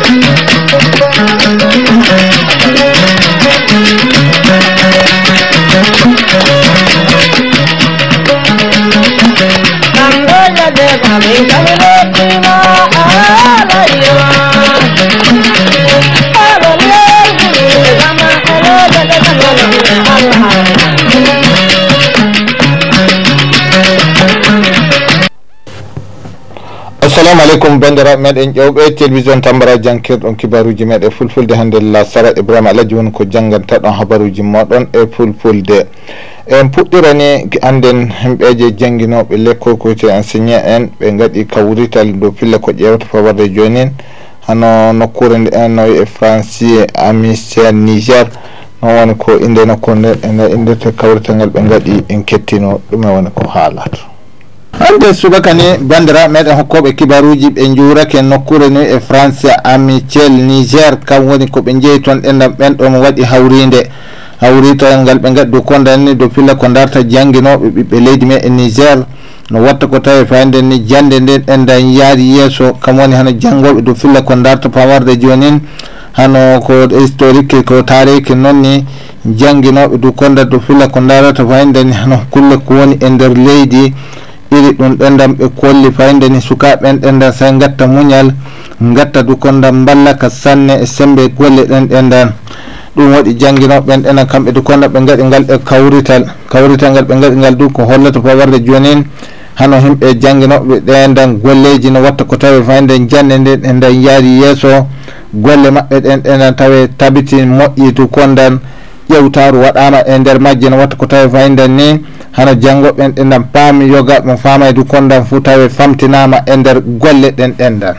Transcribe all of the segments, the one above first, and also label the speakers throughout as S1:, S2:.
S1: Thank you. assalamu aleykum bandiraɓe meɗen ƴewɓe télévision tambara jankirɗon kibaruji meɗe fulfulde hannde la sarat ibrahima aladji woni ko jangganta ɗon habaruji moɗon e fulfulde en puɗɗirani annden himɓeje jangguinoɓe lekkokoyte enseigné en ɓe gaɗi kawrital dow pille ko ƴewta fawarde joynin hano nokkure nde en noyi e francie amisen niger non woni ko inde nokkure nden ene indirte kawrital ngal ɓe gaɗi en kettino ɗume woni ko haalata hande subakani bandira meɗen hokkoɓe kibaruji ɓe jurake nokkure ni e france amicel niger kam woni koɓe jeeyi toon ɗendam ɓenɗo mo waɗi hawride hawri toen ngal ɓe gaddi do kondanni do filla ko darta jannginoɓe ɓiɓɓe leydi me e niger no watta ko tawi fayande ni jande nden ɗendan yaadi yesso kam woni hano janngoɓe do filla ko darta pamarde jonin hano ko historique ko tariqe noonni jannginoɓe do konda do filla ko darata fayndeni hano kulle ko woni e nder leydi iri ɗum ɗendam ɓe kolli fayde ni sukaɓen ɗenden sa gatta muñal gatta dukondam mballaka sanne e sembe golle ɗen ɗenden ɗum waɗi jangguinoɓen ɗenen kamɓe dukonda ɓe gaɗi ngal e kawrital kawrital ngal ɓe gaɗi ngal du ko hollata pawarde jonin hano himɓe jangguinoɓe ɗenden golleji ne watta ko tawi fayde jande nden e nden yaari yesso golle maɓɓe ɗen ɗenen tawe tabitin moƴƴi dukondan ƴewtaru waɗama e nder majje ne watta ko tawi fayden ni hana janngo ɓen ɗenɗan paami yoga mo famaydu kondan fuu tawi famtinama e nder golle ɗen ɗendan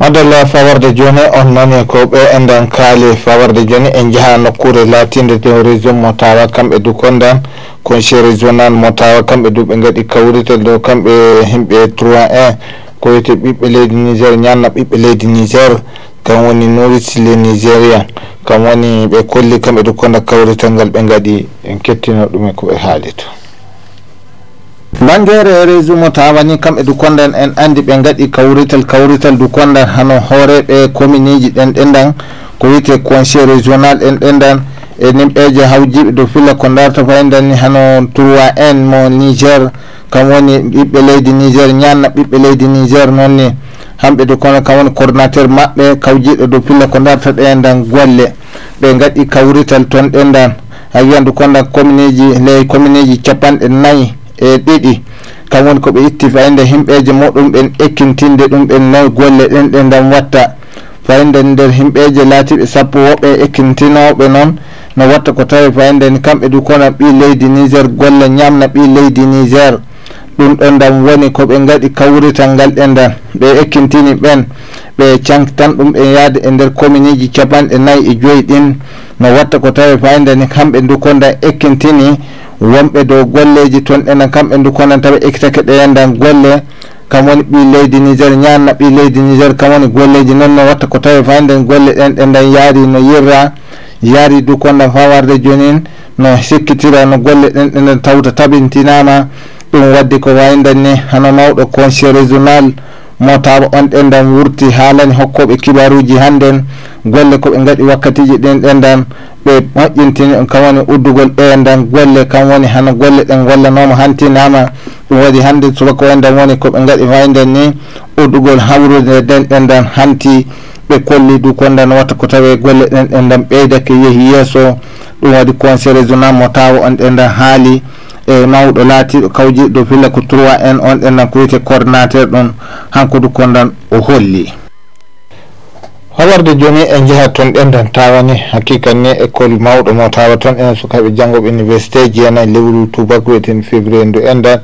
S1: madalla fawarde joni on nani ko ɓe enɗan kaali fawarde joni en jaha nokkure latinde to région mo tawa kamɓe du kondan conseil régional mo tawa kamɓe du ɓe gaɗi kawritel ɗo kamɓe himɓe 3 1 ko wiyte ɓiɓɓe leydi niger ñanna ɓiɓɓe leydi niger kam woni noritile nigéria kam woni ɓe kolli kamɓe ɗo konda kawrital ngal ɓe gaɗi en kettino ɗume ko ɓe haali to banggere réseau mo tawani kamɓe du kondan en andi ɓe gaɗi kawrital kawrital du kondan hano hooreɓe commune ji ɗen ɗendan ko wiyte conseil régional en ɗendan e nimɓeje hawjiɓe do filla ko darta fayidani e hano trois en mo niger kam woni ɓiɓɓe leydi niger ñanna ɓiɓɓe leydi niger noon ni hamɓe de kono kawoni coordinateur maɓɓe kawjiɗo dow pille ko darta ɗendan golle ɓe gaɗi kawrital ton ɗendan a wiyandu kondan commune ji ley commune ji capanɗe nayyi e ɗiɗi kamwoni koɓe itti fayde himɓeje muɗum ɓen ekkintinde ɗum ɓen nayyi golle ɗen ɗe dan watta fayde nder himɓeje laatiɓe sappo woɓe ekkintinoɓe noon no watta ko tawi fayde ni kamɓe du kono ɓi leydi niger golle ñamna ɓi leydi niger ɗum ɗon ɗam woni ko ɓe gaɗi kawrital ngal e ndan ɓe ekkintini ɓen ɓe cantan ɗum e yaade e nder commune ji capanɗe nayyi e joyi ɗin no watta ko tawi fayndani kamɓe dukondan ekkintini wonɓe dow golleji toon ɗenan kamɓe dukondan tawa ekkitake ɗe yandan e golle kam woni ɓi leydi nigér ñanna ɓi leydi nigér kam woni golleji noon no watta ko tawi fayndan golle ɗen ɗenɗan yaari no yirra yaari dukondan fawarde jonin no sikkitira no golle ɗen ɗenɗan tawta tabintinama ɗum waddi ko waydan ni hano mawɗo conseil régional mo taba on ɗenndan wurti haalani hokkoɓe kibaruji hannden golle koɓe gaɗi wakkatiji ɗen ɗenndan ɓe moƴƴintini on kam woni uddugol ɗeyandan golle kam woni hano golle ɗen gollanoma hantinama ɗum waɗi hannde subaka waydan woni koɓe gaɗi waydan ni uddugol hawrude den ɗenndan hanti ɓe kolli du kondan watta ko tawe golle ɗen ɗenndan ɓeydake yeehi yeeso ɗum waɗi conseil régional mo tawa on ɗenndan haali e mawɗo laatiɗo kawji dow filla ko 3 n on ɗennan ko wiyete coordinateur ɗon hankodu kondan o holli hawarde joni e jeeha toon ɗendan tawani hakkikani école mawɗo mo tawa ton enen sukaɓe janggoɓe université jeenayi e lewru toubak wiyeten février ndu endan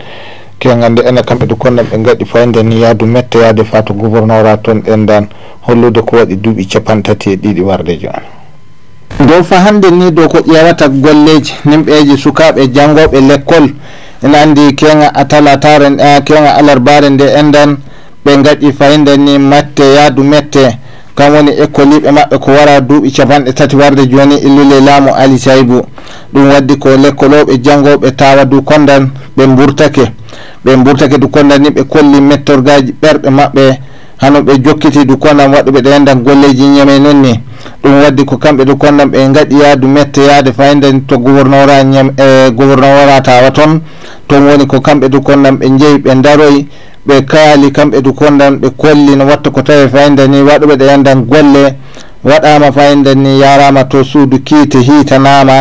S1: ke gande ene kamɓe ɗo konɗan ɓe gaɗi fayde ni yahdu metto yahde fa to gouvernora toon ɗendan hollude ko waɗi duuɓi capantati e ɗiɗi warde joni dow fa hannde ni dow ko ƴeewata golleji nimɓeeji sukaaɓe janngooɓe l'école ina anndi keewga atalataren uh, e keewga alarbaare nde enndan ɓe ngaɗi fayinde ni matte yahdu mette kam woni écoliiɓe maɓɓe ko wara duuɓi capanɗe tati warde jooni illule laamu ali saybu ɗum waddi ko l'écoleoɓe janngooɓe tawa du kondan ɓe mburtake ɓe mburtake du kondan ni ɓe kolli mettorgaji ɓerɓe maɓɓe hano ɓe jokkiti dukonam waɗi ɓe ɗendan golleji ñame nen ni ɗum waddi ko kamɓe dukonam ɓe gaɗi yaadu metta yaade fayde to gouvernora e gouvernora tawa toon ton woni ko kamɓe dukonam ɓe jeeyi ɓe daroy ɓe kaali kamɓe dukonam ɓe kolli no watta ko tawi fayde ni waɗuɓe ɗendan golle waɗama fayde ni yarama to suudu kiite hiitanama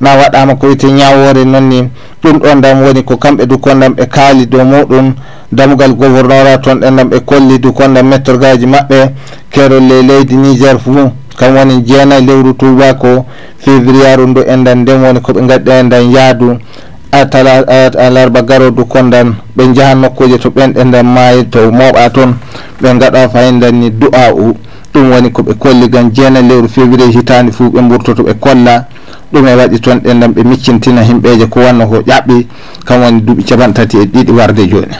S1: na waɗama ko wiyete ñawore noon ni ɗum ɗon dam woni ko kamɓe dukondam ɓe kaali dow muɗum damugal gouvernora toon ɗen ɗam ɓe kolli dukondam mettorgaji maɓɓe kerolle leydi niger fou kam woni jeenayi lewru tubako février ɗum ɗo en dan nden woni koɓe gadɗa e dan yaadu alarba garo dukondan ɓe jaha nokkuji to ɓen ɗe dan maayi to moɓa toon ɓe gaɗa fayidan ni du'a u ɗum woni koɓe kolli gan jeenayi lewru février hitandi fou ɓe mburtoto ɓe kolla ɗume waɗi toon ɗen nan ɓe miccintina himɓeje ko wanno ko ƴaɓɓi kam woni duuɓi capan tati e ɗiɗi warde joni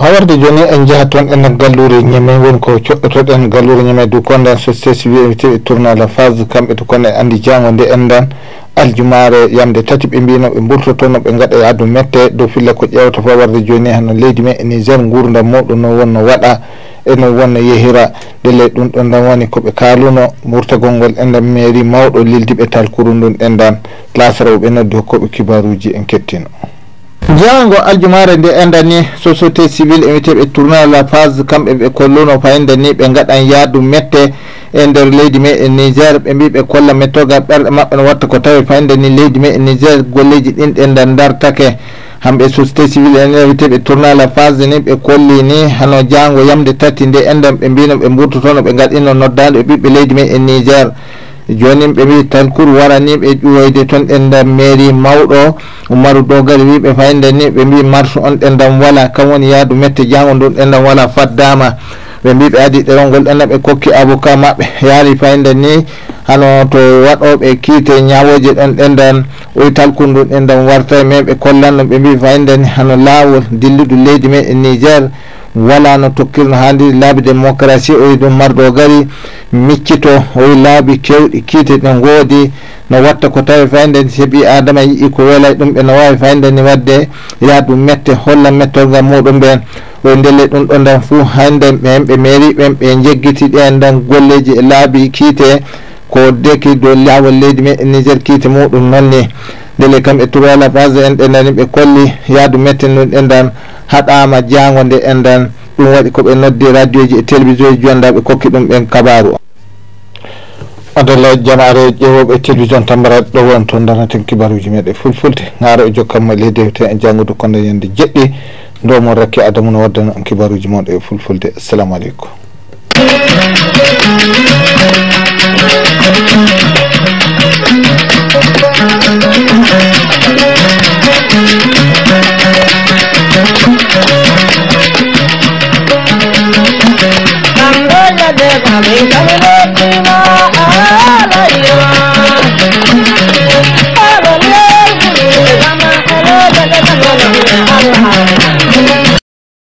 S1: ha warde joni en jaaha toon ɗennan gallure ñeme woni ko coɗɗotoɗen gallure ñeme du condan société civil invité tournal phase kamɓe to konɗen andi jango nde enɗan aljumare yamde tati ɓe mbino ɓe mbultotono ɓe gaɗa e addu mette dow fille ko ƴewta fo warde joni hano leydi me e nigér gurdam moɗo no wonno waɗa ene wonna yehira ɗele ɗum ɗon ɗan wani koɓe kaluno murtagol ngol enɗan mairi mawɗo lildiɓe talkuru ndun ɗendan lasarawɓe noddi hokkoɓe kibaruji en kettino jeyango aljumare nde enda ni société civil inviteɓe tourna la page kamɓe ɓe kolluno fayida ni ɓe gaɗan yaadu mette e nder leydi meɗen niger ɓe mbi ɓe kolla mettogal ɓerɗe mabɓe ne watta ko tawi fayida ni leydi meɗen niger golleji ɗin ɗe nder dartake hamɓe société civil enrte ɓe tourna la phase ni ɓe kolli ni hano jango yamde tati nde endam ɓe mbino ɓe mburtotono ɓe gaɗino noddade ɓe ɓiɓɓe leydi men e niger joni ɓe mbi tankour warani ɓe ƴuwoyde toon endam mairie mawɗo oumaru dogal wiɓe fayde ni ɓe mbi marche on endam wala kam woni yaadu mette jango ndun endam wala faddama ɓe mbi ɓe adi ɗerongol ɗenna ɓe kokki avocat mabɓe yaari fayde ni hano to waɗoɓe kiite ñawoje ɗen ɗenɗan oy talkundu ɗenɗan warta men ɓe kollanno ɓe mbi fayndeni hano laawol dilliɗu leydi meɗen niger wala no tokkirno handi laabi démocratie oy ɗum marɗo gari miccito oy laabi kewɗi kiite ɗen goodi no watta ko tawi fayndeni seɓi adama yiɗi ko welay ɗum ɓe no wawi fayndeni wadde ya ɗum mette holla mettolgal muɗum ɓen o ndelle ɗum ɗo ndan fuu hannden ɓen ɓe meri ɓen ɓe jeggiti ɗe ndan golleji e laabi kiite ko deki dow lawol leydi me niger kiite muɗum nonni ndele kam e trola base en ɗendani ɓe kolli yaadu metten nu ɗendan haɗama jango nde endan ɗum waɗi koɓe noddi radio ji e télévision ji jonda ɓe kokki ɗum ɓen kabaru adalla jamare ƴewoɓe e télévision tambarat ɗo won to danaten kibaruji meɗe fulfulde gaaro e jokkanmo ley dewte en janggudu kondañande jeɗɗi ndomon rakki adamuno waddana on kibaruji moɗo e fulfulde assalamu aleykum